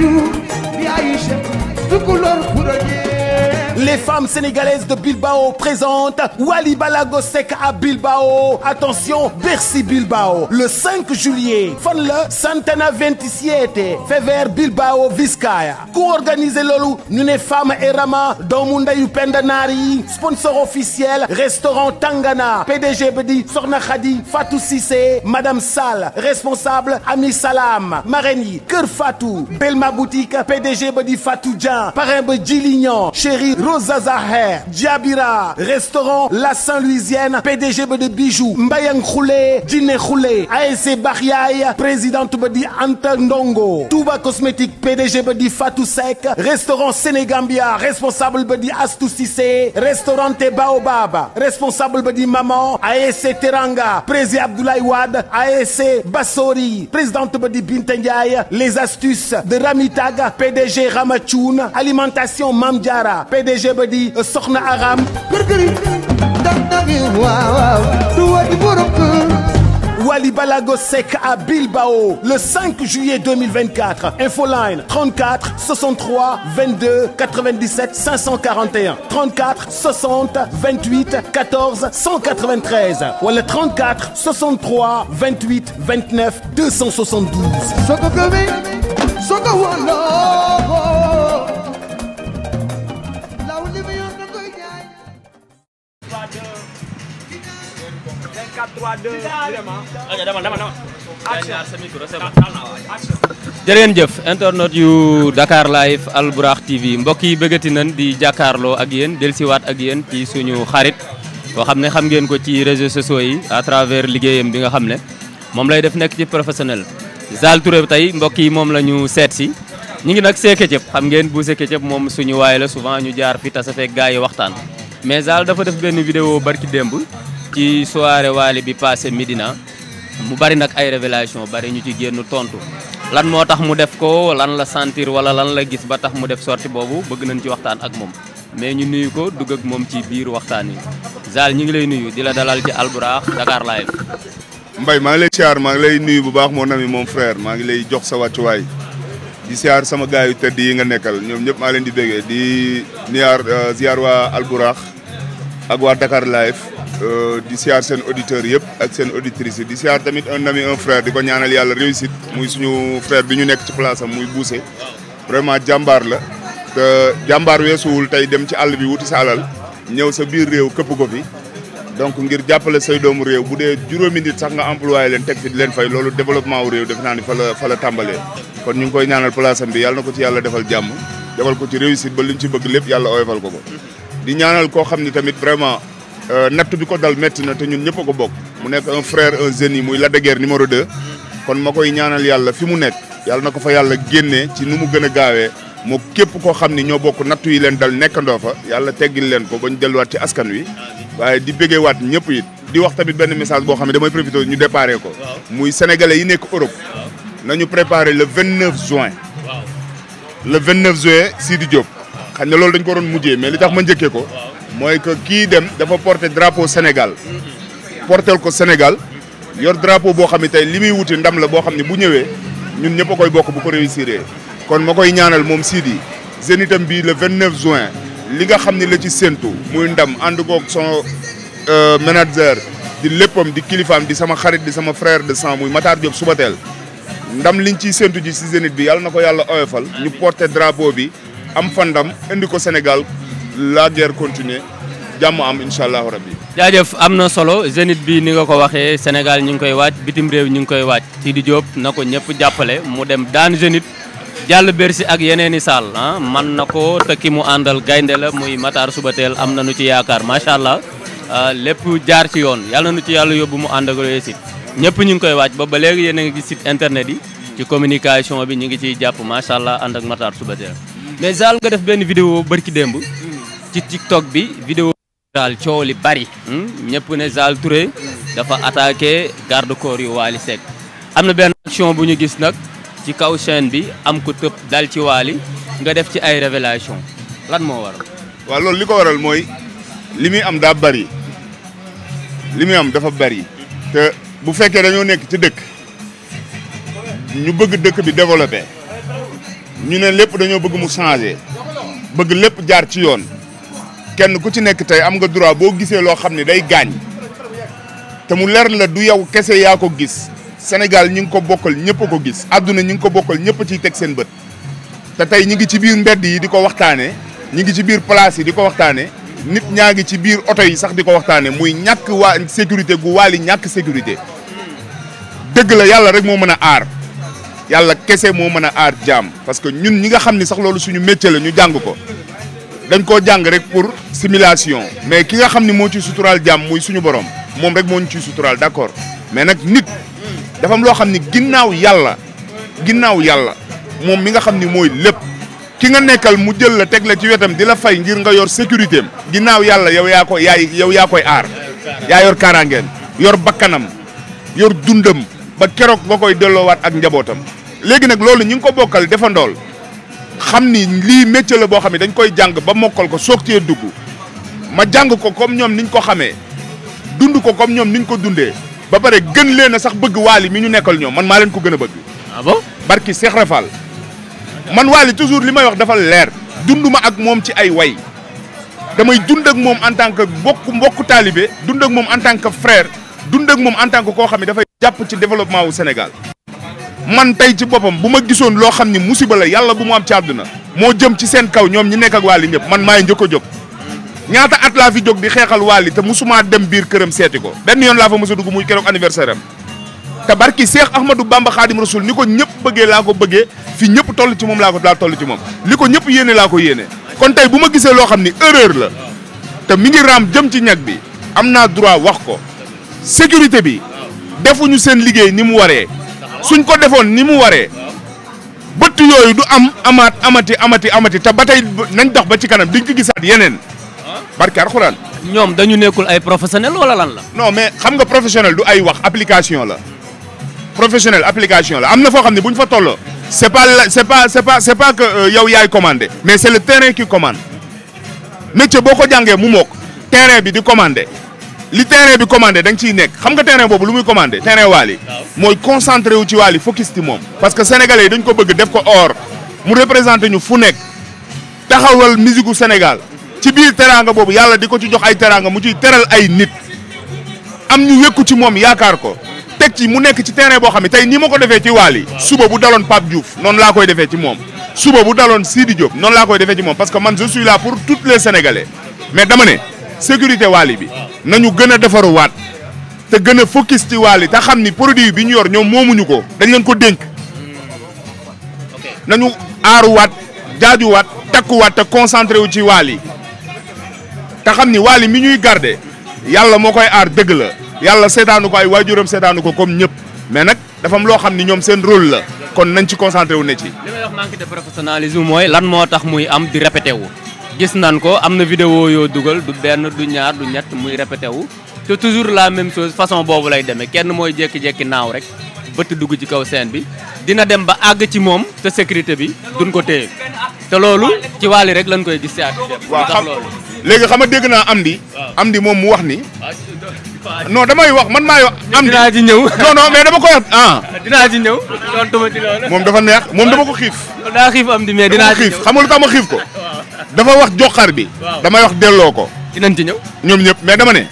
jour bi ay chef tukulóor Les femmes sénégalaises de Bilbao présentent Wally Balago Seck à Bilbao. Attention, Bercy Bilbao. Le 5 juillet, fan la Santana 27 Fever Bilbao Vizcaya. Co-organisé loolu ñu ne Fama et Rama doomu ndeyu Penda Naar sponsor officiel restaurant Tangana PDG bi di Soxna Khady Fatou Cissé Madame Sall responsable Ami Salam marraine yi Kër Belma boutique PDG ba di Fatou Dian parrain ba Djilignan Rosa Zaher restaurant La Saint-Louisienne PDG ba de Bijou Mbayang Khoulé Dine Khoulé ASC Bakhyaay présidente ba di Anta Ndongo Touba Cosmétique PDG ba di Fatou Seck restaurant Sénégambia responsable ba di Astou Cissé restaurant Te Baobab responsable ba di Maman ASC Teranga président Abdoulaye Wade ASC Bassori présidente ba di Binta les astuces de Ramitag PDG Ramathoun alimentation Mam DG ba di euh, soxna Aram kër-këri dag dagi waaw waaw du wadi borom kër Wally Balago Seck à Bilbao le 5 juillet 2024 infoline 34 63 22 97 541 34 60 28 14 193 wala 34 63 28 29 272. 4 3 jëf internet yu Dakar Live Alburaax TV mbokk yi bëggati nañ di jàkkaarloo ak yéen dellusiwaat ak yéen ci suñu xarit boo xam ne xam ngeen ko ci réseaux sociaux yi à travers liggéeyam bi nga xam ne moom lay def nekk ci professionnel. Zal Touré tey mbokk yi moom la ñu seet si ñu ngi nag see Ketchup xam ngeen bu see moom suñu waay la souvent ñu jaar fi tasa fekk yi waxtaan mais Zal dafa def benn vidéo barki démb. ci soirée Wally bi passé Médina mu bari nag ay révélation bari ñu ci génn tontu lan moo tax mu def ko lan la sentir wala lan la gis ba tax mu def sortie boobu bëgg nañ ci waxtaan ak moom mais ñu nuyu ko dugg ak moom ci biir waxtaan yi Zal ñu ngi lay nuyu di la dalal ci Albourakh Dakar Live Mbaye maa ngi lay siyaar maa ngi lay nuyu bu baax mon ami mon frère maa ngi lay jox sa wàccuwaay di siyaar sama gars yu tedd yi nga nekkal ñoom ñëpp maa leen di béggee di niyaar euh, ziar waa Albourakh ak waa Dakar Live Euh, di siyaar seen auditeurs yëpp ak seen auditrices yi di siyaar tamit un ami un frère di ko ñaanal yàlla réussite muy suñu frère bi ñu nekk ci place am muy Bousse vraiment jàmbaar la te jàmbaar weesuwul tey dem ci àll bi wuti sa alal ñëw sa biir réew këpp ko fi donc ngir jàppale say doomu réew bu dee juróomi nit sax nga employé leen teg fi leen fay loolu développement réew def naa ni la fa la tàmbalee ñu ngi koy ñaanal place am bi yàlla na ko ci yàlla defal jàmm defal ko ci réussite ba li ñu ci bëgg lépp yàlla oyofal ko ko di ñaanal koo xam ni tamit vraiment Euh, natt bi ko dal métti na te ñun ñëpp ko bokk. mu nekk un frère un jeune yi muy la de Guiers numéro 2. kon ma koy ñaanal yàlla fi mu nekk. yàlla na ko fa yàlla génnee ci nu mu gën a gaawee moo képp koo xam ni ñoo bokk nattu yi leen dal nekkandoo fa yàlla teggil leen ko ba ñu delluwaat ci askan wi. waaye di béggeewaat ñëpp it. di wax tamit benn message boo xam ne damay profité ñu déparé ko. muy sénégalais yi nekk Europe. nañu préparé le 29 juin. le 29 juin Sidi Diop. xam ne loolu dañ ko waroon mujjee mais li tax ma njëkkee ko. mooy que kii dem dafa porter drapeau Sénégal portel ko Sénégal yor drapeau boo xam ne tey li muy wuti ndam la boo xam ne bu ñëwee ñun ñëpp koy bokk bu ko réussir kon ma koy ñaanal moom Sidi Zénith am bii le 29 juin li nga xam ne la ci séntu muy ndam ànd koog son euh, manager di léppam di kilifaam di sama xarit di sama frère de sang muy Matar Diop Subatel ndam liñ ciy séntu ji si Zénith bi yàlla na ko yàlla oyofal ñu porter drapeau bi am fa ndam indi ko Sénégal la guerre continuer jàmm am incha allahu rabbi jaajëf am na solo Zénith bi ni nga ko waxee Sénégal ñu ngi koy waaj bitim réew ñu ngi koy waaj di Diop na ko ñëpp jàppale mu dem daan Zénith jàll Bercy ak yeneeni saal ah man na ko te ki mu àndal gaynde la muy suba Subateel am na nu ci yaakaar macha allah ah, lépp jaar ci yoon yàlla nu ci yàlla yóbbu mu ànd ak yooyu sit ñëpp ñu ngi koy waaj ba ba léegi yéen a ngi gis site internet yi ci communication bi ñu ngi ciy jàpp macha allah ànd ak Matar Subateel mais ci TikTok bi vidéo daal coow li bari hmm? ñëpp ne Zal Touré dafa attaqué garde corps yu Wally Seck am na benn action bu ñu gis nag ci kaw chaîne bi am ko tëb dal ci Wally nga def ci ay révélation lan moo waral waaw loolu li ko waral mooy li muy am daa bari li muy am dafa bari te bu fekkee dañoo nekk ci dëkk ñu bëgg dëkk bi développé ñu ne lépp dañoo bëgg mu changé bëgg lépp jaar ci yoon kenn ku ci nekk tey am nga droit boo gisee loo xam ni day gaañ te mu leer la du yow kese yaa ko gis Sénégal ñi ngi ko bokkal ñëpp a ko gis àdduna ñi ngi ko bokkal ñëpp a ciy teg seen bët te tey ñi ngi ci biir mbedd yi di ko waxtaanee ñi ngi ci biir place yi di ko waxtaanee nit ñaa ngi ci biir oto yi sax di ko waxtaanee muy ñàkk waa sécurité gu waali ñàkk sécurité dëgg la yàlla rek moo mën a aar yàlla kese moo mën a aar jaam parce que ñun ñi nga xam ne sax loolu suñu métier la ñu jàng ko dañ koo jàng rek pour simulation mais ki nga xam ni moo ci suturaal jàmm muy suñu borom moom rek moo ñu ciy suturaal d'accord mais nag nit dafa loo xam ni ginnaaw yàlla ginnaaw yàlla moom mi nga xam ni mooy lépp ki nga nekkal mu jël la tegle ci wetam di la fay ngir nga yor sécurité ginnaaw yàlla yow yaa yaay yow yaa koy aar yaa yor kaaraangeen yor bakkanam yor dundam ba keroog nga koy delloowaat ak njabootam léegi nag loolu ñi ngi ko bokkal defandool xam ni lii métier la boo xam ne dañ koy jàng ba mokkal ko soog cee dugg ma jàng ko comme ñoom niñ ko xamee dund ko comme ñoom niñ ko dundee ba pare gën leen sax bëgg waali mi ñu nekkal ñoom man maa leen ko gën a bëgg. ah bon barki Cheikh Rafal man waali toujours li may wax dafa leer dund ma ak moom ci ay way damay dund ak moom en tant mbokk mbokku mbokku taalibe dund ak moom en tant que frère dund ak moom en tant que koo xam ne dafay jàpp ci développement wu Sénégal. man tey ci boppam bu ma gisoon loo xam ni musiba la yàlla bu mu am ci àdduna moo jëm ci seen kaw ñoom ñi nekk ak waali ñëpp man maay njëkk a jóg ñaata at laa fi jóg di xeexal waali te musumaa dem biir këram seeti ko benn yoon laa fa mos a dugg muy keroog anniversaire am te barki Seex Ahmadou Bamba Xaadim Rasul ni ko ñëpp bëggee laa ko bëggee fi ñëpp toll ci moom laa ko laa toll ci moom li ko ñëpp yéene laa ko yéene kon tey bu ma gisee loo xam ni erreur la te mi ngi raam jëm ci ñag bi am naa droit wax ko sécurité bi defuñu seen liggéey ni mu waree suñ ko defoon ni mu waree bëtt yooyu du am amaat amati amati amati te ba tey nañ dox ba ci kanam diñ ko gisaat yeneen barke alxuraan ñoom dañu nekkul ay professionnel wala lan la no mais xam nga professionnel du ay wax application la professionnel application la am na foo xam ne bu ñu fa tollo c'est pas c'est pas c'est pas que euh, yow yaay commandé mais c'est le terrain qui commande métier boo ko jàngee mu mook terrain bi di commandé li terrain bi commandé dañ nga ciy nekk xam nga terrain boobu lu muy commandé terrain Wally mooy concentré wu ci Wally focus ci moom parce que sénégalais yi dañ ko bëgg def ko oor mu représenté ñu fu nekk taxawal musique gu Sénégal ci biir teraanga boobu yàlla di ko ci jox ay teraanga mu ciy teral ay nit am ñu wékku ci moom yaakaar ko teg ci mu nekk ci terrain boo xam ne tey nii ma ko defee ci Wally suba bu daloon Pape Diouf noonu laa koy defee ci moom suba bu daloon Sidi Diop laa koy defee ci moom parce que man je suis là pour toutes mais dama ne sécurité Wally bi nañu gën a defaruwaat te gën a focus ci Wally te xam ni produit bi ñu yor ñoom moomuñu ko dañ ko dénk nañu aaruwaat jaajuwaat takkuwaat te concentré wu ci Wally te xam ni Wally mi ñuy garde yàlla moo koy aar dëgg la yàlla seetaanu ko ay waajuram seetaanu ko comme ñëpp mais nag dafa am loo xam ni ñoom seen rôle la kon nañ ci concentré wu ne ci. li may mooy lan moo tax muy am di répété wu. gis nan ko am na vidéo yoo dugal du benn du ñaar du ñett muy répété wu te toujours la même chose façon boobu lay demee kenn mooy jékki-jékki naaw rek bëtt dugg ci kaw seen bi dina dem ba àgg ci moom te sécurité bi duñ ko téye te loolu ci Wally rek lañ koy gis si at waaw xam léegi xam nga dégg naa am Amdy Amdy moom mu wax ni non damay wax man maay wax Amdy naa ci ñëw non non mais dama koy wax ah dinaa ci ñëw tontu ma moom dafa neex moom dama ko xiif daa xiif am mais dinaa xiif xam nga ko dafa wax joxar bi. damay wax delloo ko. dinañ ci ñëw ñoom ñëpp mais dama ne.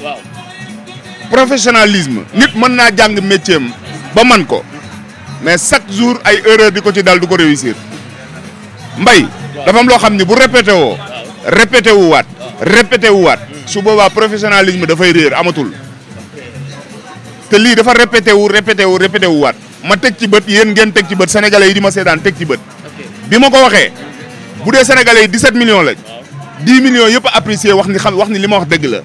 professionnalisme. nit mën naa jàng métier am ba man ko. mais chaque jour ay erreur di ko ci dal du ko réussir. mbay dafa loo xam ni bu répété woo. répété wu waat. répété wu waat. su boobaa professionnalisme dafay réer amatul. te lii dafa répété wu répété wu répété wu waat. ma teg ci bët yéen ngeen teg ci bët sénégalais yi di ma seedaan teg ci bët. bi ma ko waxee. bu dee sénégalais yi 17 millions lañ. 10 millions yëpp a apprécié wax ni xam wax li ma wax dëgg la.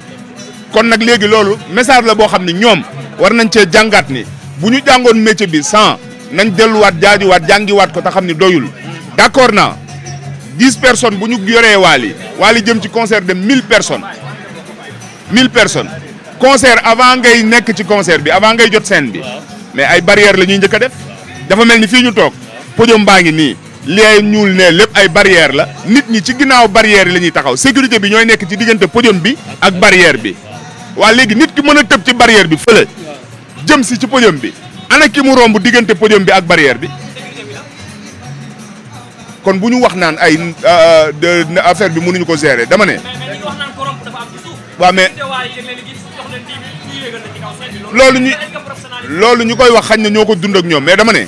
kon nag léegi loolu message la boo xam ne ñoom war nañ cee jàngaat ni bu ñu jàngoon métier bi sans nañ delluwaat jaajuwaat jàngiwaat ko te xam ni doyul. d' accord naa 10 personnes bu ñu yoree waali waali jëm ci concert de 1000 personnes personnes concert avant ngay nekk ci concert bi avant ngay jot seen bi mais ay barrières la ñuy njëkk a def dafa mel ni fii ñu toog podium baa ngi nii. lee ñuul ne lépp ay barrière la nit ñi ci ginnaaw barrière yi la ñuy taxaw sécurité bi ñooy nekk ci diggante podium bi ak barrière bi waa léegi nit ki mën a tëb ci barrière bi fële jëm si ci podium bi ana ki mu romb diggante podium bi ak barrière bi kon bu ñu wax naan ay euh, affaire bi mënuñu ko gérer dama ne waaw mais loolu ñu loolu ñu koy wax xañ na ñoo ko dund ak ñoom mais dama ne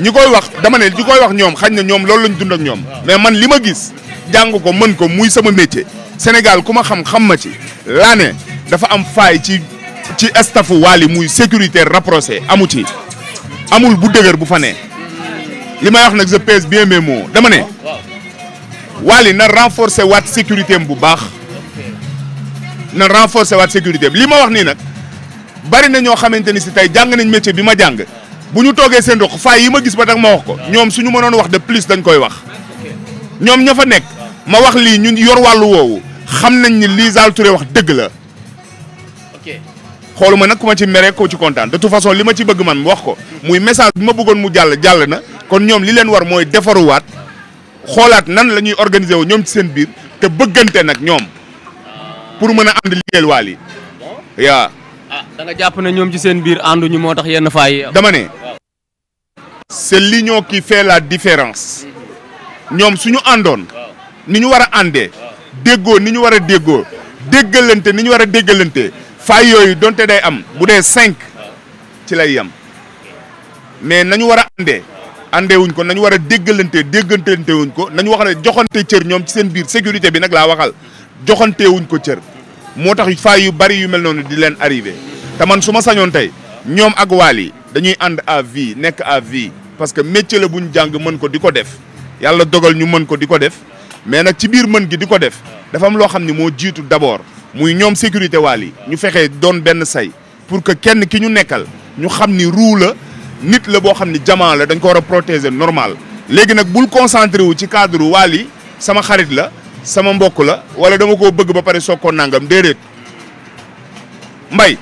ñi koy wax dama ne ñi koy wax ñoom xañ na ñoom loolu lañ dund ak ñoom mais man li ma gis jàng ko mën ko muy sama métier Sénégal ku ma xam xam ma ci laa ne dafa am faay ci ci staffu Wally muy sécurité rapproché amu ci amul bu dëgër bu fane li may wax nag je pèse bien mes mots dama ne Wally na renforcer waat sécurité am bu baax na renforcer waat sécurité am li ma wax nii nag bari na ñoo xamante ni si tey jàng nañ métier bi ma jàng bu ñu toogee seen dox faay yi ma gis ba tax ma wax ko ñoom suñu mënoon wax de plus dañ koy wax ñoom ña fa nekk ma wax lii ñun yor wàllu woowu xam nañ ni lii Zal Touré wax dëgg la xooluma nag ku ma ci mere ko ci kontaan de toute façon li ma ci bëgg man wax ko muy message bi ma bëggoon mu jàll jàll na kon ñoom li leen war mooy defaruwaat xoolaat nan la ñuy organiser wu ñoom ci seen biir te bëggante nag ñoom pour mën a am di liggéeyal waal yi yaa ah da nga jàpp ne ñoom ci seen biir ànduñu moo tax yenn fay yi dama ne c'est l'union kii fait la différence ñoom suñu àndoon ni ñu war a àndee déggoo ni ñu war a déggoo déggalante ni ñu war a déggalante faay yooyu donte day am bu dee cinq ci lay yam mais nañu war a àndee àndee wuñ ko nañu war a déggalante déggantante wuñ ko nañu wax ne joxante cër ñoom ci seen biir sécurité bi nag laa waxal joxante ko cër moo tax faay yu bari yu mel noonu di leen arrivé te suma sañoon tey ñoom ak Wally dañuy ànd à vie nekk à vie parce que métier la bu ñu jàng mën ko di ko def yàlla dogal ñu mën ko di ko def mais nag ci biir mën gi di ko def dafa am loo xam ni moo jiitu d'abord muy ñoom sécurité Wally ñu fexee doon benn say pour que kenn ki ñu nekkal ñu xam ni ruu la nit la boo xam ni jamaa la dañ ko war a protéger normal léegi nag bul concentré wu ci cadre Wally sama xarit la sama mbokk la wala dama koo bëgg ba pare soog koo nangam déedéet mbay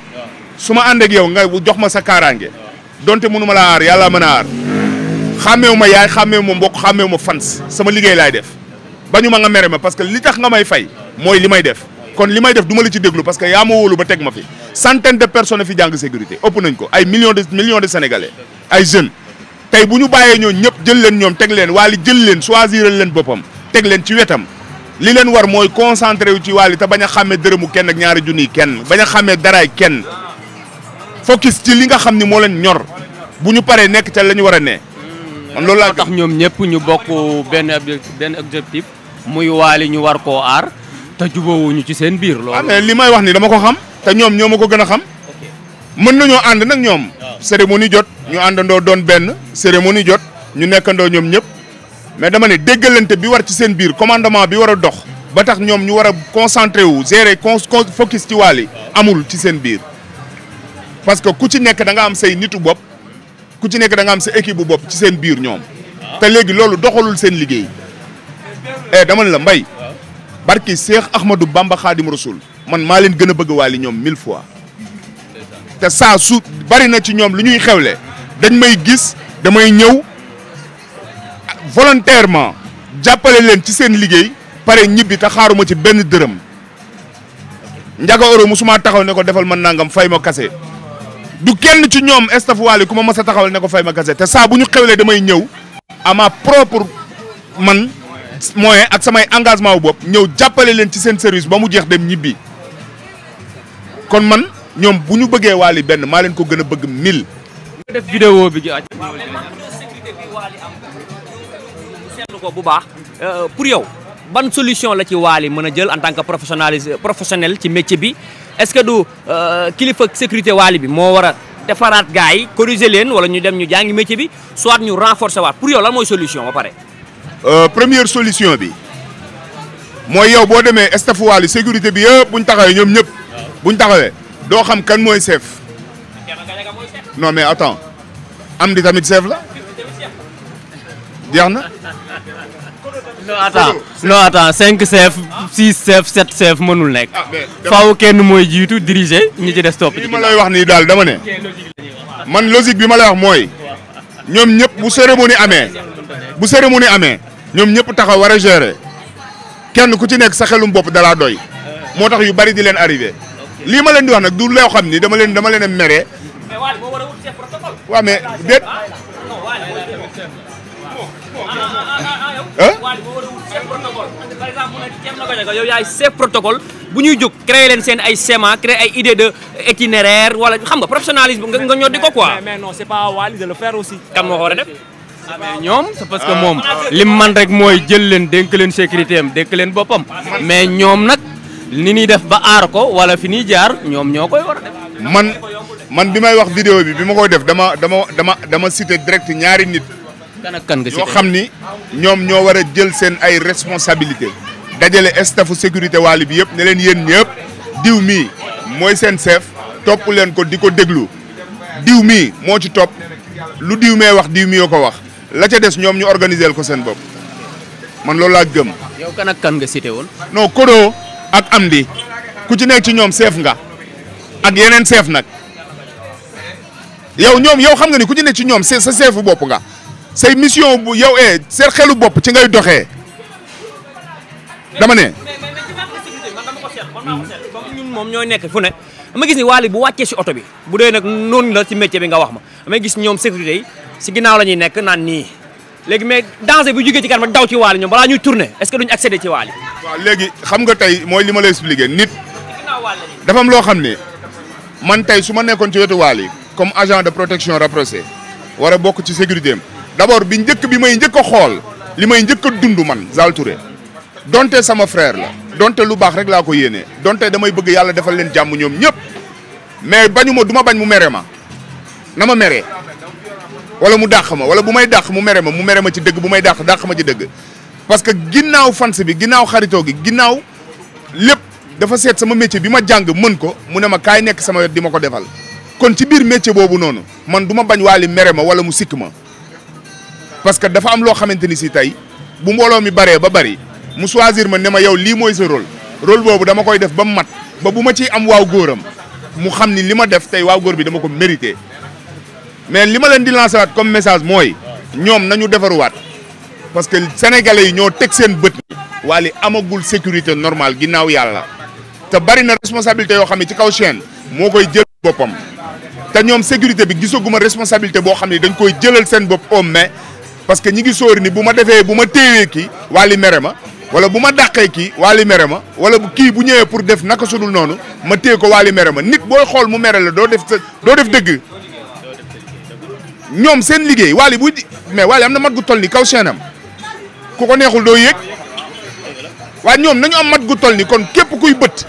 su ma ànd ak yow nga jox ma sa kaaraange donte mënu ma laa aar yàlla mën a aar xàmmeewu ma yaay xàmmeewu ma mbokk xàmmeewu ma fans sama liggéey laay def bañu ma nga mere ma parce que li tax nga may fay mooy li may def kon li may def du ma la ci déglu parce que yaa ma wóolu ba teg ma fi centaine de personne fi jàng sécurité ëpp nañ ko ay millions de millions de sénégalais ay jeunes tey bu ñu bàyyee ñoo ñëpp jël leen ñoom teg leen waali jël leen choisiral leen boppam teg leen ci wetam li leen war mooy concentré wu ci wàll te bañ a xàmmee dërëmu kenn ak ñaari junniy kenn bañ a xàmmee daraay kenn focus ci li nga xam ni moo leen ñor bu ñu paree nekk ca la ñu war a ne. man loolu laa tax ñoom ñëpp ñu bokk benn benn objectif muy waali ñu war ko aar te jubóowuñu ci seen biir. loolu ah, mais li may wax ni dama ko xam te ñoom ñoo ma ko gën a xam. mën nañoo ànd nag ñoom. cérémonie jot ñu àndandoo doon benn cérémonie jot ñu nekkandoo ñoom ñëpp. mais dama ne déggalante bi war ci seen biir commandement bi war a dox ba tax ñoom ñu war a concentré wu gérer con focus ci Wally amul ci seen biir parce que ku ci nekk da nga am say nitu bopp ku ci nekk da nga am sa équipe bu bopp ci seen biir ñoom te léegi loolu doxalul seen liggéey eh dama ne la mbay barki Cheikh Ahmadou Bamba Khadim Rasoul man maa leen gën a bëgg waali ñoom mille fois te saa su bari na ci ñoom lu ñuy xewle dañ may gis damay ñëw volontairement jàppale leen ci seen liggéey pare ñibbi te xaaruma ci benn dërëm njaga euro musuma taxaw ne ko defal man nangam fay ma kase du kenn ci ñoom staff Wally ku ma mës a taxawal ne ko fay ma kase te saa bu ñu xewlee damay ñëw à ma propre man moyen ak samay engagement wu bopp ñëw jàppale leen ci seen service ba mu jeex dem ñibbi kon man ñoom bu ñu bëggee waali benn maa leen ko gën a bëgg mille. def vidéo bi ko bu baax euh, pour yow ban solution la ci Wally mën a jël en tant que professionnalisé professionnel ci métier bi est-ce que du euh, kilifa sécurité Wally bi moo war a defaraat gars yi corriger leen wala ñu dem ñu jàngi métier bi soit ñu renforcer waat pour yow la mooy solution ba pare. Euh, première solution bi mooy yow boo demee staff Wally sécurité bi yëpp bu ñu taxawee ñoom ñëpp. bu ñu taxawee doo xam kan mooy chef. non mais attends am di tamit chef la. jeex na. non attends non attends cinq chef six chef sept mënul nekk. Ah, faaw kenn mooy jiitu diriger ñi ci des topp ci. li ma lay wax nii daal dama ne. man logique bi ma lay wax mooy. ñoom ñëpp bu cérémonie amee. bu cérémonie amee. ñoom ñëpp taxaw war a gérer. kenn ku ci nekk sa xelum bopp dalaa doy. moo tax yu bari di leen arrivé. lii ma leen di wax nag du loo xam ni dama leen dama leen mere. waaw mais déet. yow yaay chef protocole bu ñuy jóg créer leen seen ay schéma créer ay idée de itinéraire wala xam nga professionnalisme nga ñoo di ko quoi. mais non c'est pas Wally de le faire aussi. kan moo ko war a def. Ah, ñoom parce que ah. moom lim man rek mooy jël leen dénk leen sécurité am dénk leen boppam. mais ñoom nag ni ñuy def ba aar ko wala fi ñuy jaar ñoom ñoo koy war man bi may wax vidéo bi bi ma koy def dama dama dama dama cité direct ñaari nit. kan ak kan nga yoo xam ni ñoom ñoo war a jël seen ay responsabilité dajale staffu sécurité waali bi yëpp ne leen yéen ñëpp diw mii mooy seen chef topp leen ko di ko déglu diw mii moo ci topp lu diw mee wax diw mii yoo ko wax la ca des ñoom ñu organiser ko seen bopp man loolu laa gëm. yow kan ak kan nga cité woon. non Kodo ak Amdi ku ci nekk ci ñoom chef nga ak yeneen chef nag yaw ñoom yow xam nga ni ku ci nekk ci ñoom sa seefu bopp nga. say mission bu yow eh seen xelu bopp ci ngay doxee dama ne. ñun moom ñoo nekk fu ne ma gis ni Wally bu wàccee si oto bi bu dee nag noonu la ci métier bi nga wax ma damay gis ñoom sécurité si ginnaaw la nekk naan nii léegi mais danger bu jógee ci kanam daw ci Wally ñoom balaa ñuy tourner est-ce que duñu accéder ci Wally. waaw léegi xam nga tey mooy li ma lay expliquer nit. dafa loo xam ne man tey su ma nekkoon ci wetu Wally comme agent de protection rapproché war a bokk ci sécurité am d'abord bi njëkk bi may njëkk a xool li may njëkk a dund man Zal donte sama frère la donte lu baax rek laa ko yéenee donte damay bëgg yàlla defal leen jàmm ñoom ñëpp mais bañu ma du bañ mu mere ma na ma meree wala mu dàq ma wala bu may dàq mu mere ma mu mere ma ci dëgg bu may dàq dàq ma ci dëgg parce que ginnaaw fans bi ginnaaw xaritoo gi ginnaaw lépp dafa seet sama métier bi ma jàng mën ko mu ne ma kaay nekk sama wet di ma ko defal kon ci biir métier boobu noonu man du ma bañ waali mere ma wala mu sikk parce que dafa am loo xamante ni si tey bu mbooloo mi baree ba bari mu choisir ma ne ma yow lii mooy sa rôle rôle boobu dama koy def ba mu mat ba bu ma ciy am waaw góoram mu xam ni li ma def tey waaw góor bi dama ko mérité mais li ma leen di lancer waat comme message mooy ñoom nañu defaruwaat parce que sénégalais yi ñoo teg seen bët waali amagul sécurité normal ginnaaw yàlla te bari na responsabilité yoo xam ne ci kaw chaîne moo koy jël boppam te ñoom sécurité bi gisaguma responsabilité boo xam ne dañ koy jëlal seen bopp mais parce que ñi ngi soor ni bu ma defee bu ma téewee kii wàlli mere ma wala bu ma dàqee kii wàlli mere ma wala kii bu ñëwee pour def naka sudul noonu ma téye ko wàlli mere ma nit boo xool mu mere la doo def doo def dëgg ñoom seen liggéey wàlli bu mais wàlli am na mat gu toll ni kaw seenam ku ko neexul doo yëg waaye ñoom nañu am mat gu toll ni kon képp kuy bët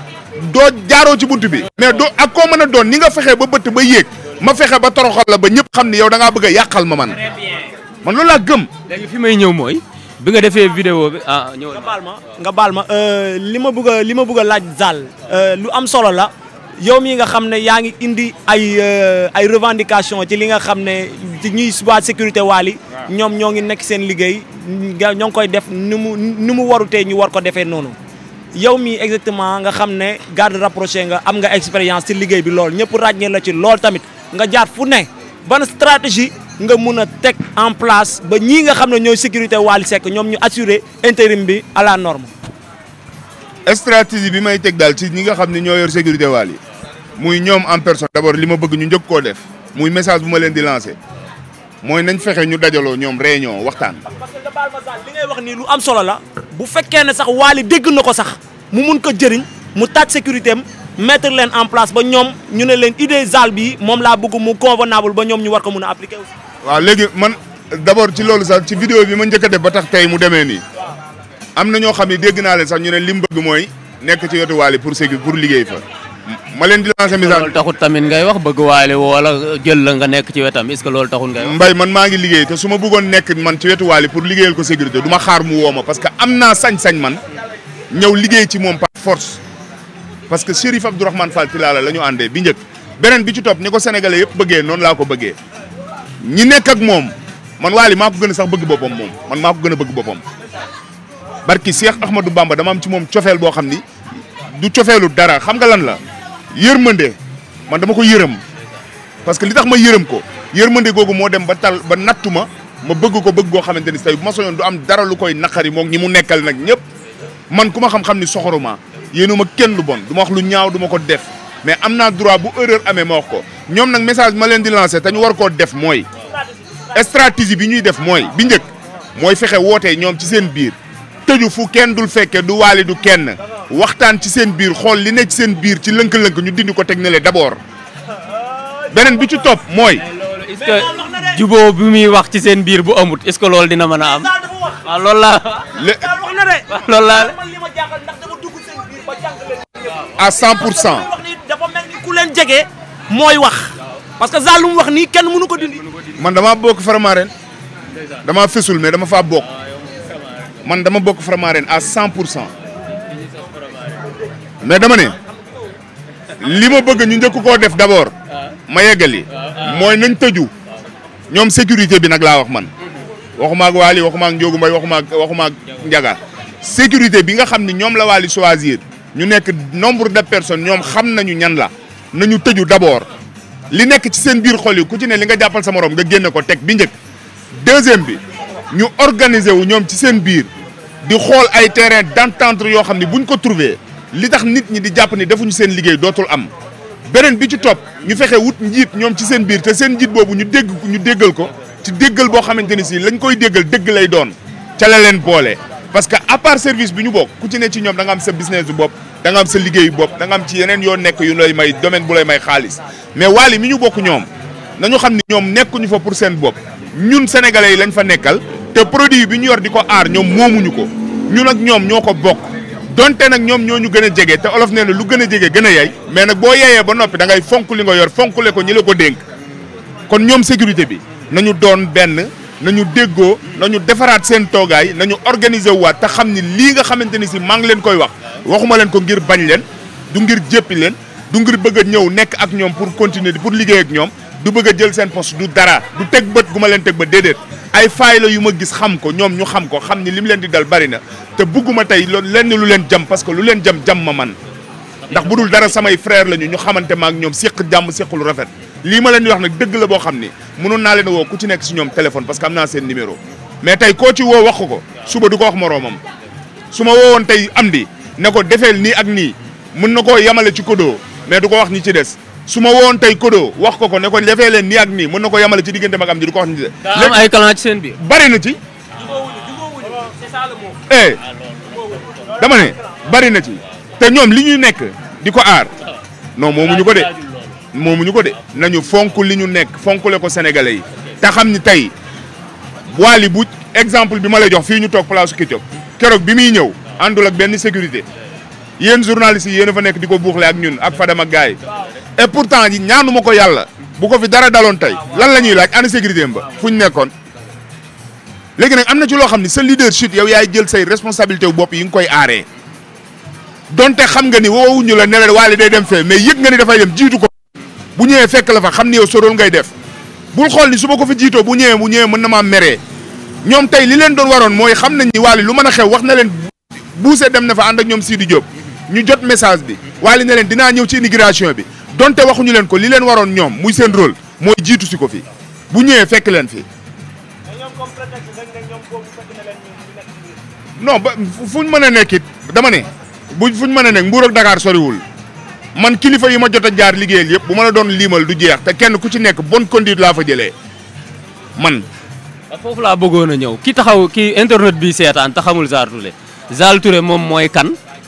doo jaaroo ci bunt bi mais doo ak koo mën a doon ni nga fexee ba bëtt ba yéeg ma fexe ba toroxal la ba ñëpp xam ni yow da bëgg a yàqal ma man man loolu laa gëm. léegi fi may ñëw mooy bi nga defee vidéo bi ah ñëw nga baal nga baal ma euh, li ma bëgg a li ma bëgg a laaj Zal euh, lu am solo la yow mii nga xam ne yaa ngi indi ay euh, ay revendication ci li nga xam ne ci ñuy waa sécurité Wally ñoom ñoo ngi nekk seen liggéey ñoo ngi koy def ni mu ni mu warutee ñu war ko defee noonu yow mii exactement nga xam ne garde rapproché nga am nga expérience ci liggéey bi lool ñëpp ràññee la ci lool tamit nga jaar fu ne ban stratégie nga mun a teg en place ba ñii nga xam ne ñooy sécurité Wally Seck ñoom ñu assurer intérim bi à la norme. stratégie bi may teg daal ci ñi nga xam ne ñoo yor sécurité Wally muy ñoom en personne d'abord li ma bëgg ñu njëkk koo def muy message bu ma leen di lancer mooy nañ fexe ñu dajaloo ñoom réunion waxtaan. parce ngay wax nii lu am solo la. bu fekkee ne sax Wally dégg na ko sax mu mun ko jëriñ mu taaj sécurité am mettre leen en place ba ñoom ñu ne leen idée ZAL bi moom laa bëgg mu convenable ba ñoom ñu war ko mun a appliquer aussi. waaw léegi man d'abord ci loolu sax ci vidéo bi ma njëkk a def ba tax tey mu demee nii am na ñoo xam ne dégg naa leen sax ñu ne li mu bëgg mooy nekk ci wetu Wally pour pour liggéey fa ma leen di lancer message loolu taxul tamit ngay wax bëgg Wally wala jël la nga nekk ci wetam est loolu taxul ngay mbay man maa ngi liggéey te su ma bëggoon nekk man ci wetu Wally pour liggéeyal ko sécurité du xaar mu woo ma parce que am naa sañ-sañ man ñëw liggéey ci moom par force parce que Chérif Abdourahmane Fall Tilala la ñu àndee bi njëkk beneen bi ci topp ni ko sénégalais yëpp bëggee ko bëggee ñi nekk ak moom man Wally maa ko gën sax bëgg boppam moom man maa ko gën a bëgg boppam barki ma du Bamba dama am ci moom cofeel boo xam ni du cofeelu dara xam nga lan la yërmande man dama ko yërëm parce que li tax ma yërëm ko yërmande googu moo dem ba tal ba nattu ma bëgg ko bëgg goo xamante ni say bu ma soñoon du am dara lu koy naqari moom ñi mu nekkal nag ñëpp man ku ma xam-xam ni soxoruma yéenu ma kenn lu bon du ma wax lu ñaaw du ma ko def mais am naa droit bu erreur amee ma wax ko ñoom nag message ma leen di lancé te war koo def mooy stratégie bi ñuy def mooy bi njëkk mooy fexe woote ñoom ci seen biir tëju fu kenn dul fekke du waali du kenn waxtaan ci seen biir xool li ne ci seen biir ci lënk-lënk ñu dindi ko teg ne le d'abord beneen bi ci topp mooy. est-ce que bi muy wax ci seen biir bu amut est-ce que loolu dina mën a am. waaw ah, la laa. loolu laa. à 100 pour cent. dafa mel ni ku leen jege mooy wax. parce que Zal lu wax nii kenn mënu ko dindi. man damaa bokk Faramareen damaa fesul mais dama faa bokk ah, man dama bokk Faramareen à cent pour cent mais dama ne li ma bëgg ñu njëkk koo def d'abord ah. ma yeggali ah, mooy nañ tëju ñoom sécurité bi nag laa wax man mhm. waxuma ak Waly waxuma ak Ndiogu Mbaye waxuma ak waxuma ak Ndiaga sécurité bi nga xam ne ñoom la Waly choisir ñu nekk nombre de personnes ñoom xam nañu ñan la nañu tëju d'abord li nekk ci seen biir xol yi ku ci ne li nga jàppal sa morom nga génne ko teg bi njëkk deuxième bi ñu organiser wu ñoom ci seen biir di xool ay terrain d'entente yoo xam ne buñ ko trouvé li tax nit ñi di jàpp ni defuñu seen liggéey dootul am beneen bi ci topp ñu fexe wut njiit ñoom ci seen biir te seen njiit boobu ñu dégg ñu déggal ko ci déggal boo xamante ni si lañ koy déggal dégg lay doon ca la leen boole parce que à part service bi ñu bokk ku ci ñoom da am sa bopp da am sa liggéeyu bopp da am ci yeneen yoo nekk yu lay may domaine bu lay may xaalis mais Wally mi ñu bokk ñoom na ñu xam ne ñoom nekkuñu fa pour seen bopp ñun sénégalais yi lañ fa nekkal te produit bi ñu yor di ko aar ñoom moomuñu ko ñun nag ñoom ñoo ko bokk donte nag ñoom ñoo ñu gën a jege te olof nee na lu gën a jege gën a yay mais nag boo yeyee ba noppi dangay fonk li nga yor fonkule ko ñu la ko dénk kon ñoom sécurité bi na ñu doon benn nañu déggoo nañu defaraat seen toogaay nañu organiser waat te xam ni lii nga xamante ni si maa ngi leen koy wax waxuma leen ko ngir bañ leen du ngir jéppi leen du ngir bëgg a ñëw nekk ak ñoom pour continuer pour liggéey ak ñoom du bëgg a jël seen poste du dara du teg bët gu ma leen teg bët déedéet ay faay la yu ma gis xam ko ñoom ñu xam ko xam ni mu leen di dal bari na te bugguma tey loolu lenn lu leen jam parce que lu leen jam jam ma man ndax bu dul dara samay frère lañu ñu xamante ma ak ñoom séq jàmm séq lu rafet lii ma leen di wax nag dëgg la boo xam ni mënoon naa leen woo ku ci nekk si ñoom téléphone parce que tey koo woo wax ko suba du ko wax moroomam su ma woowoon tey am ne ko defeel nii ak nii mën na koo yamale ci Kodo mais du ko wax ñi ci des su ma woon tey Kodo wax ko ko ne ko defee leen nii ak nii na ko yamale ci diggante mag am ji du ko wax ñi ci des. daa ay kalan ci seen bari na ci. eh dama ne bari na ci te ñoom li ñuy nekk di ko aar no moomuñu ko de moomuñu ko de nañu fonk li ñu nekk fonkule ko sénégalais yi te xam ni tey Wally bu exemple bi ma lay jox fii ñu toog place Ketchup keroog bi muy ñëw. àndul ak benn sécurité yéen journalistes yi yéen fa nekk di ko buuxle ak ñun ak Fadam ak gars yi et pourtant ñaanu ma ko yàlla bu ko fi dara daloon tey lan la ñuy laaj ana sécurité ba fu ñu nekkoon. léegi nag am na ci loo xam ne sa leadership yow yaay jël say responsabilité wu bopp yi nga koy aaree donte xam nga ni woowuñu la ne la waale day dem fee mais yëg nga ni dafay dem jiitu ko. bu ñëwee fekk la fa xam ni yow sa ngay def bul xool ni su ma ko fi jiitoo bu ñëwee bu ñëwee mën na maa meree ñoom tey li leen doon waroon mooy xam nañ ni waale lu mën a xew wax na leen buuse dem na fa ànd ak ñoom Sidi Diop ñu jot message bi waali ne leen dinaa ñëw ci immigration bi donte waxuñu leen ko li leen waroon ñoom muy seen rôle mooy jiitu si ko fi bu ñëwee fekk leen fii non ba fuñ mën a nekkit dama ne bu fuñ mën a nekk Mbuur ak Dakar soriwul man kilifa yi ma jot a jaar liggéeyal yëpp bu man la doon liimal du jeex te kenn ku ci nekk bonne conduite laa fa jëlee man. foofu laa bëggoon a ñëw ki taxaw ki internet bi seetaan te xamul Zal moom mooy kan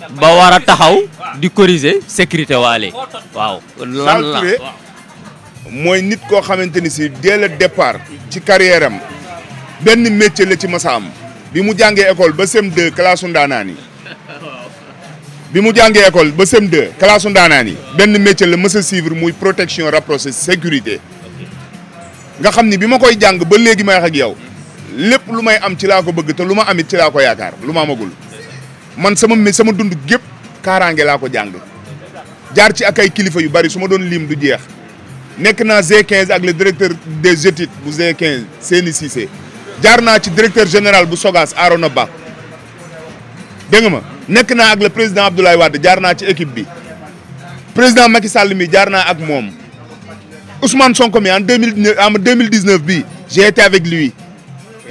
ba war a taxaw di corriger sécurité waale waaw. lan la mooy nit koo xamante ni si dès le départ ci carrière benn métier la ci masa am bi mu jàngee école ba CM2 classe ndaanaan bi mu jàngee école ba CM2 classe ndaanaan benn métier la mës a muy protection rapprochée sécurité nga xam ni bi ma koy jàng ba léegi may wax ak yow lépp lu may am ci laa ko bëgg te lu ma amit ci laa ko yaakaar lu ma amagul. man sama mi sama dund gépp kaaraange laa ko jàng jaar ci ak ay kilifa yu bari su ma doon liim du jeex nekk naa G15 ak le directeur des études bu g seeni Seyni jaar naa ci directeur général bu Sogas Arona Ba dégg nga ma nekk naa ak le président Abdoulaye Wade jaar naa ci équipe bi président Macky Sall mi jaar naa ak moom Ousmane Sonko mi en deux mille en deux mille dix-neuf bii j'ai été avec lui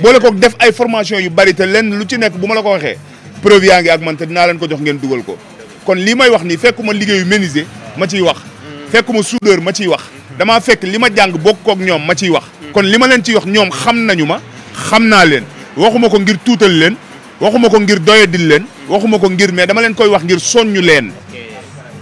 boole ko def ay formation yu bari te lenn lu ci nekk bu ma la ko waxee. preuve yaa ngi ak man te dinaa leen ko jox ngeen dugal ko kon lii may wax nii ma liggéeyu menuisier ma ciy wax fekkuma soudeur ma ciy wax damaa fekk li ma jàng bokk kook ñoom ma ciy wax kon li ma leen ciy wax ñoom xam nañu ma xam naa leen waxuma ko ngir tuutal leen waxuma ko ngir doyadil leen waxuma ko ngir mais dama leen koy wax ngir soññu leen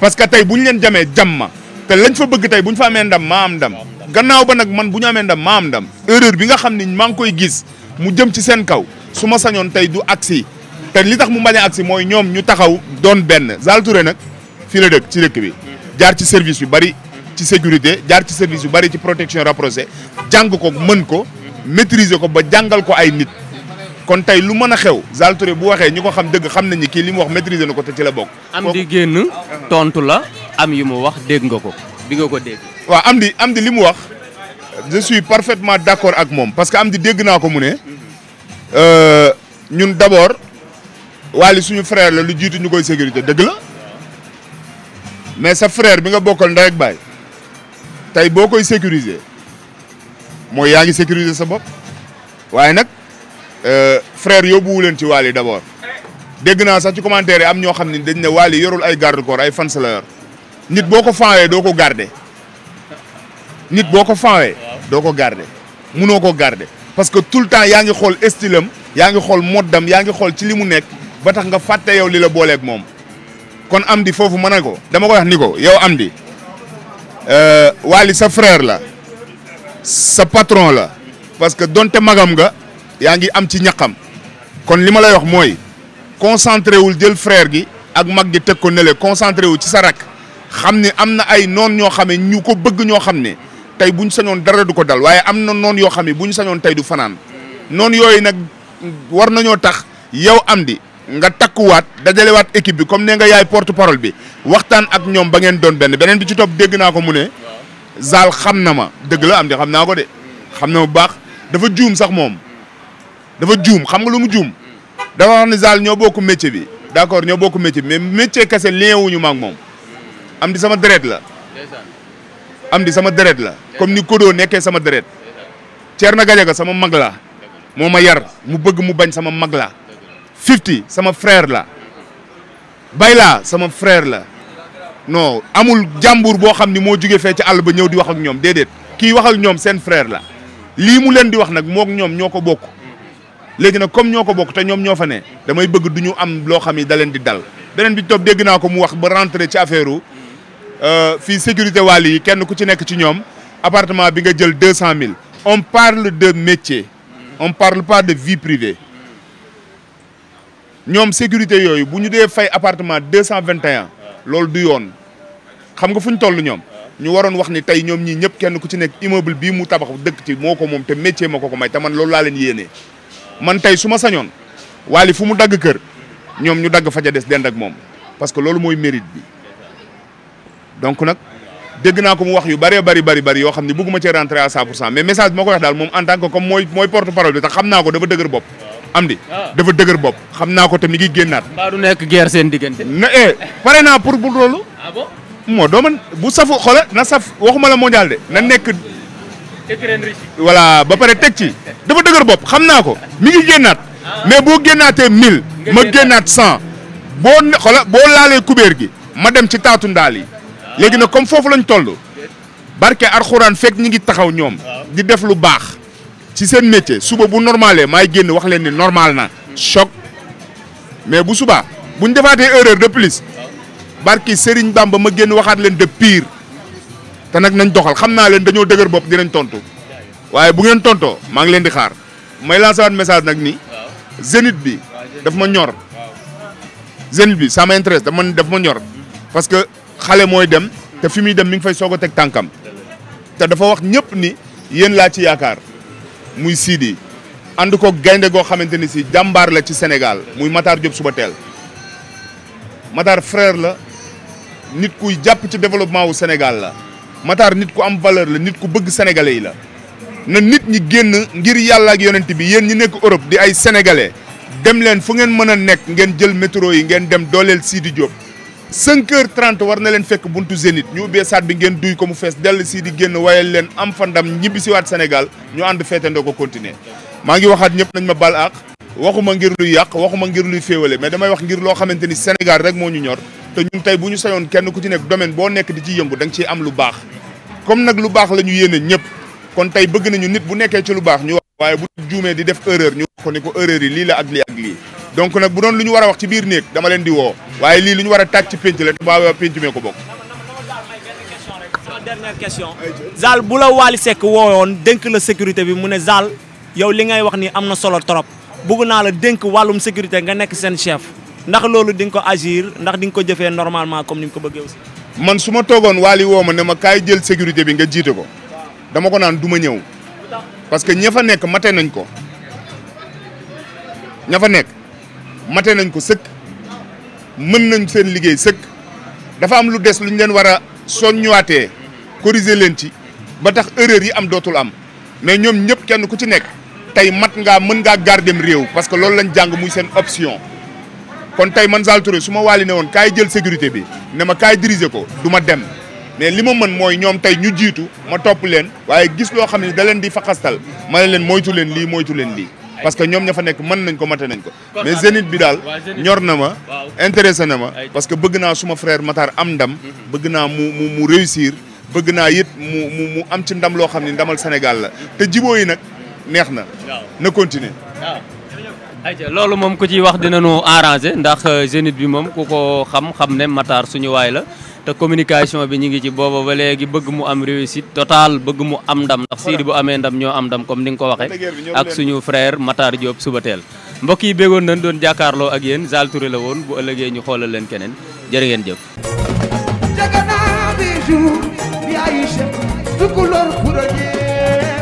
parce que tey bu ñu leen jamee jam ma te lañ fa bëgg tey bu ñu fa amee ndam ma am ndam gannaaw ba nag man bu ñu amee ndam ma am ndam erreur bi nga xam ni maa ngi koy gis mu jëm ci seen kaw su ma sañoon tey du agsi te li tax mu bañ a agsi mooy ñoom ñu taxaw doon benn Zal nag fii la dëkk ci dëkk bi jaar ci service yu bari ci sécurité jaar ci service yu bari ci protection rapprochée jàng ko mën ko maîtriser ko ba jàngal ko ay nit kon tey lu mën a xew Zal Touré bu waxee ñi ko xam dëgg xam nañ ni kii li mu wax maîtriser na ko te ci la bokk. am di génn tontu la am yi mu wax dégg nga ko bi nga ko dégg. waa am di am di li mu wax je suis parfaitement d'accord ak moom parce que am di dégg naa ko mu ne euh, ñun d'abord. Wally suñu frère la lu jiitu ñu koy sécurité dëgg la mais sa frère bi nga bokkal ndey ak baay tey boo koy sécuriser mooy yaa ngi sécuriser sa bopp waaye nag euh, frère yóbbuwu leen ci Wally d'abord dégg naa sax ci commentaire yi am ñoo xam ne dañ ne Wally yorul ay garde corps ay fans la yor nit boo ko fanwee doo ko garde nit boo ko fanwee doo ko garder munoo ko garder parce que tout le temps yaa ngi xool style am yaa ngi xool moddam yaa ngi xool ci li mu nekk ba tax nga fàtte yow li la booleek moom kon am di foofu mën na ko dama ko wax ni ko yow am di euh, Wally sa frère la sa patron la parce que donte magam nga yaa ngi am ci ñaqam kon li ma lay wax mooy concentré wul jël frère gi ak mag gi teg ko ne le concentré wu ci sa rak xam ne am na ay noon ñoo xamee ñu ko bëgg ñoo xam ne tey bu ñu sañoon dara du ko dal waaye am na noon yoo xam ne bu ñu sañoon tey du fanaan noonu yooyu nag war nañoo tax yow am di nga takkuwaat dajalewaat équipe bi comme ne nga yaay porte parole bi waxtaan ak ñoom ba doon benn beneen bi ci topp dégg naa ko mu ne Zal xam na ma dëgg la am di xam naa ko de xam na bu baax dafa juum sax moom dafa juum xam nga lu mu juum dafa ne Zal ñoo bokk métier bi d'accord ñoo bokk métier bi mais métier kese lien wuñu ma ak moom am di sama deret la am di sama deret la comme ni Kodo nekkee sama deret Thierno Gadiaga sama mag la moo ma yar mu bëgg mu bañ sama mag la Fifty sama frère la Bayla sama frère la non amul jàmbur boo xam ni moo jugee fee ci àll ba ñëw di wax ak ñoom déedéet kii wax ak ñoom seen frère la lii mu leen di wax nag mook ñoom ñoo ko bokk léegi nag comme ñoo ko bokk te ñoom ñoo fa ne damay bëgg du ñu am loo xam ni da leen di dal beneen bi topp dégg naa ko mu wax ba rentré ci affaire u euh, fii sécurité wàll yi kenn ku ci nekk ci ñoom appartement bi nga jël deux cent mille on parle de métier on parle pas de vie privée ñoom sécurité yooyu bu ñu dee fay appartement deux cent vingt et loolu du yoon xam nga fu ñu toll ñoom ñu waroon wax ni tey ñoom ñii ñëpp kenn ku ci nekk immeuble bii mu tabax dëkk ci moo ko moom te métier ma ko ko may te loolu laa leen yéenee man tey su ma waali fu mu dagg kër ñoom ñu dagg faja des dend ak moom parce que loolu mooy mérite bi donc nag dégg naa ko mu wax yu bëree bëri bëri bëri yoo xam ne bëgguma cee rentrer à pour cent mais message ma ko wax daal moom en ko am di dafa dëgër bopp xam naa ko te mi ngi génnaat. nekk guerre seen diggante. na eh pare naa pour bu loolu. ah moo doo man bu safu xoola na saf waxuma la mondial de na nekk. voilà ba pare teg ci dafa dëgër bopp xam naa ko mi ngi génnaat. Ah. mais boo génnaatee 1000. ma génnaat 100. boo ne xoola boo laalee kubéer gi ma dem ci taatu ndaal yi. Ah. léegi nag comme foofu lañ toll. barke arxuraan fekk ñi ngi taxaw ñoom. Ah. di def lu baax. ci seen métier suba bu normalé maay génn wax leen ni normal na choc mais bu subaa buñ defaatee erreur de plus barki Serigne ba ma génn waxaat leen de pire te nag nañ doxal xam naa leen dañoo dëgër bopp dinañ tontu waaye bu ngeen tonto maa ngi leen di xaar may lancer waat message nag ni zénith bi daf ma ñor zénith bi ça m'intéresse daf ma daf ma ñor parce que xale mooy dem te fi muy dem mi ngi fay soog a teg tànkam te dafa wax ñëpp ni yéen laa ci yaakaar muy siidi ànd ko gaynde goo xamante ni si jàmbaar la ci Sénégal muy Matar Diop suba teel Matar frère la nit kuy jàpp ci développement wu Sénégal la mataar nit ku am valeur la nit ku bëgg sénégalais yi la na nit ñi génn ngir yàlla ak yonent bi yéen ñi nekk Europe di ay sénégalais dem leen fu ngeen mën a nekk ngeen jël métro yi ngeen dem dooleel Sidi Diop. cinq heures trente war na leen fekk buntu Zénith ñu ubbee saat bi ngeen duy ko mu fees dell sii di génn wayal leen am fa ndam ñibbi si waat Sénégal ñu ànd feetandoo ko continuer maa ngi waxaat ñëpp nañ ma baal àq waxuma ngir luy yàq waxuma ngir luy féewale mais damay wax ngir loo xamante ni Sénégal rek moo ñu ñor te ñun tey bu ñu sañoon kenn ku ci nekk domaine boo nekk di ci yëngu danga nga am lu baax comme nag lu baax la ñu yéene ñëpp kon tey bëgg nañu nit bu nekkee ci lu baax ñu waaye bu juumee di def erreur ñu wax ko ni ko erreur yi lii la ak lii ak lii donc nag bu doon lu ñu war a wax ci biir néeg dama leen di woo waaye lii lu ñu war a tàcc ci pénc la te baa pénc mee ko bokk dernière bu la Wally Seck woowoon dénk la sécurité bi mu ne Zal yow li ngay wax ni am na solo trop bëgg naa la dënk wàllum sécurité nga nekk seen chef ndax loolu di nga ko agir ndax di nga ko jëfee normalement comme ni nga ko bëggee aussi man su ma toogoon Wally woo ma ne ma kaay jël sécurité bi nga jiite ko dama ko naan duma ñëw parce que ña fa nekk mate nañ ko ña fa nekk mate nañ ko sëkk mën nañ seen liggéey sëkk dafa am lu des lu ñu leen war a soññuwaatee corriger leen ci ba tax erreur yi am dootul am mais ñoom ñëpp kenn ku ci nekk tey mat ngaa mën ngaa gardem réew parce que loolu lañ jàng muy seen option kon tey man Zal su ma waali ne woon kaay jël sécurité bi ne ma kaay diriger ko duma dem mais li ma mën mooy ñoom tey ñu jiitu ma topp leen waaye gis loo xam ne da leen di faxastal ma ne leen moytu leen lii moytu leen lii parce que ñoom ña fa nekk mën nañ ko mate nañ ko mais Zénith bi daal ñor na ma intéressé na ma parce que bëgg naa suma frère Matar am ndam mhm. bëgg naa mu mu mu réussir bëgg naa it mu mu mu am ci ndam loo xam ne ndamal Sénégal la te jiboo yi nag neex na na continuer loolu moom ku ciy wax dinañu arranger ndax euh, Zénith bi moom ku ko xam xam ne Matar suñu waay la te communication bi ñu ngi ci booba ba léegi bëgg mu am réussite totale bëgg mu am ndam ndax Sidi bu amee ndam ñoo am ndam comme ni nga ko waxee ak suñu frère Matar Diop suba teel mbokk yi béggoon nañ doon jàkkaarloo ak yéen Zal la woon bu ëllëgee ñu xoolal leen keneen jërë ngeen jëf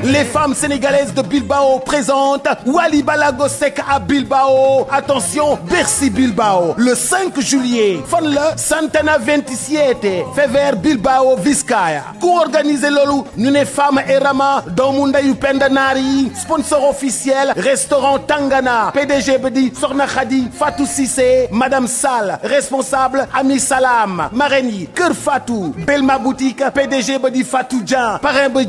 Les femmes sénégalaises de Bilbao présentent Wally Balago Seck à Bilbao. Attention, Bercy Bilbao le juillet. Fan la Santana 27 Fever Bilbao Vizcaya. Co-organisé loolu ñu ne Fama et Rama doomu ndeyu Penda sponsor officiel restaurant Tangana PDG bi di Soxna Khadi Fatou Cissé Madame Sall responsable Ami Salam marraine yi Kër Belma boutique PDG ba di Fatou Dia parrain ba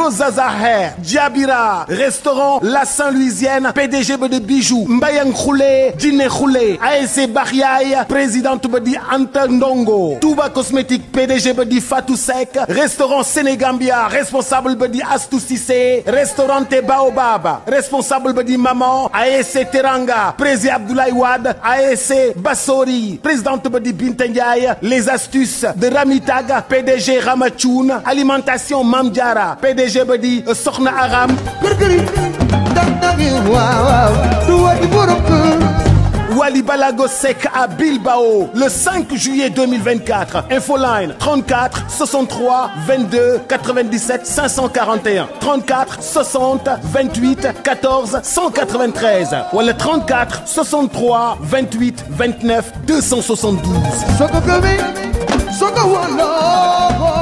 Rosa Zaher Diabira restaurant La Saint-Louisienne PDG ba de Bijou Mbayang Khoulé Dine Khoulé ASC Bakhyaay présidente ba di Anta Ndongo Touba Cosmétique PDG ba di Fatou Seck restaurant Sénégambia responsable ba di Astou Cissé restaurant Baobab responsable ba di Maman ASC Teranga président Abdoulaye Wade ASC Bassori présidente ba di Binta Ndiaye les astuces de Ramitag PDG Ramachoun alimentation Mamdiara DG ba di soxna Aram. kër kër yi le ndax yi waaw mille du wàcc borom Wally Balago Seck à Bilbao le 5 juillet 2024 infoline 34 63 22 97 541 34 60 28 14 193 wala 34 63 28 29 272.